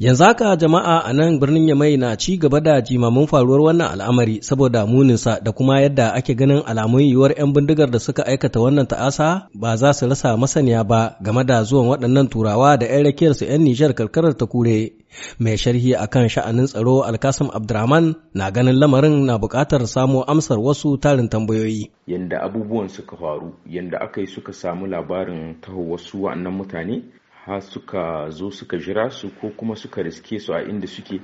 Yanzu haka jama'a a nan birnin Yamai na ci gaba da jimamin faruwar wannan al'amari saboda muninsa da kuma yadda ake ganin alamun yiwuwar 'yan bindigar da suka aikata wannan ta'asa ba za su rasa masaniya ba game da zuwan waɗannan turawa da 'yan su 'yan Nijar karkarar ta kure. Mai sharhi a kan sha'anin tsaro Alkasim Abdurrahman na ganin lamarin na buƙatar samo amsar wasu tarin tambayoyi. Yanda abubuwan suka faru, yanda aka yi suka samu labarin taho wasu wa'annan mutane, ha suka zo suka jira su ko kuma suka riske su a inda suke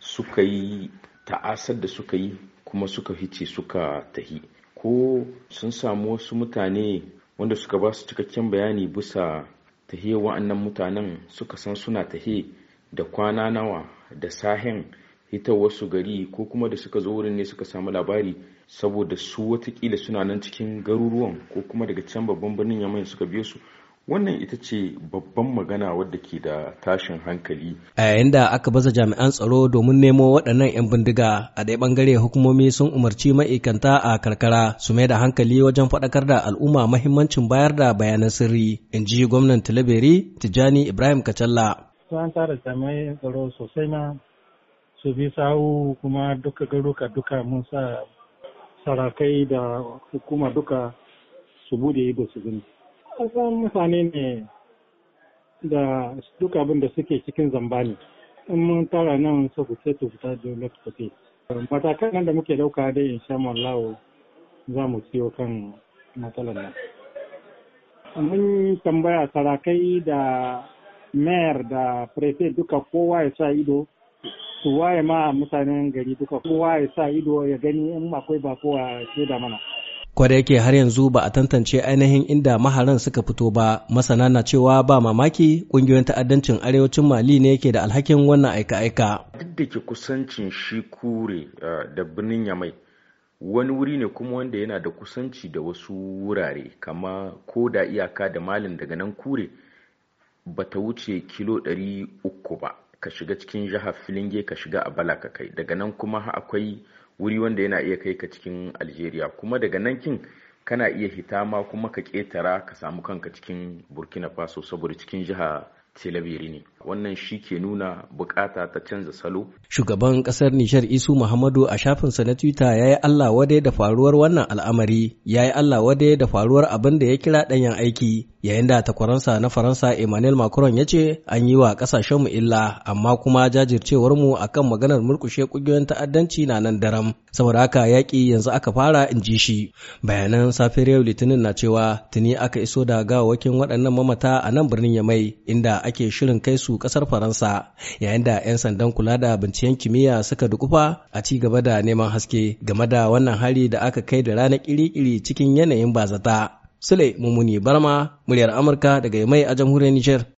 suka yi ta'asar da suka yi kuma suka hice suka tahi ko sun samu wasu mutane wanda suka ba su cikakken bayani bisa tahiyar wa'annan mutanen suka san suna tahe da kwana nawa da sahen hita wasu gari ko kuma da suka zo wurin ne suka samu labari saboda su watakila suna nan cikin garuruwan ko kuma daga can babban birnin yamai suka biyo su wannan ita ce babban magana wadda ke da tashin hankali a yayin da aka baza jami'an tsaro domin nemo waɗannan 'yan bindiga a ɗaya ɓangare hukumomi sun umarci ma'aikanta a karkara su mai da hankali wajen faɗakar da al'umma mahimmancin bayar da bayanan sirri in ji gwamnan tilaberi tijjani ibrahim kacalla sun tara jami'an tsaro sosai na su bi sahu kuma duka garuka duka mun sa sarakai da hukuma duka su bude ido su gani kasan mutane ne da duk abin da suke cikin zamba ne in mun tara nan su fice su fita da su fice matakan nan da muke dauka dai in sha mallawo za mu ciyo kan matsalar nan mun tambaya sarakai da mayar da prefect duka kowa ya sa ido su waye ma mutanen gari duka kowa ya sa ido ya gani in akwai ba kowa ke da mana Kwada yake har yanzu ba a tantance ainihin inda maharan suka fito ba, masana na cewa ba mamaki ƙungiyoyin ta'addancin arewacin Mali ne yake da alhakin wannan aika-aika. Duk da ke kusancin shi kure da birnin Yamai, wani wuri ne kuma wanda yana da kusanci da wasu wurare, kama ko da iyaka da malin daga nan kure ba ta wuce kilo ɗari uku ba. ka shiga cikin jihar filinge ka shiga a bala ka kai daga nan kuma akwai wuri wanda yana iya kai ka cikin algeria kuma daga nan kin kana iya hita ma kuma ka ketara ka samu kanka cikin burkina faso saboda cikin jiha telebiri ne wannan shi ke nuna bukata ta canza salo. Shugaban kasar Nishar Isu Muhammadu a shafinsa na Twitter ya yi Allah wadai da faruwar wannan al'amari, ya yi Allah wadai da faruwar abin da ya kira ɗanyen aiki, yayin da takwaransa na Faransa Emmanuel Macron ya ce an yi wa ƙasashenmu illa, amma kuma jajircewar mu akan maganar murkushe ƙungiyoyin ta'addanci na nan daram. Saboda haka yaƙi yanzu aka fara in ji shi. Bayanan safiyar yau Litinin na cewa tuni aka iso da gawawakin waɗannan mamata a nan birnin Yamai, inda ake shirin kai su su kasar Faransa yayin da 'yan sandan kula da binciken kimiyya suka dukufa a ci gaba da neman haske game da wannan hari da aka kai da ranar kiri-kiri cikin yanayin bazata. Sule Mumuni Barma, muryar Amurka daga mai a jamhuriyar niger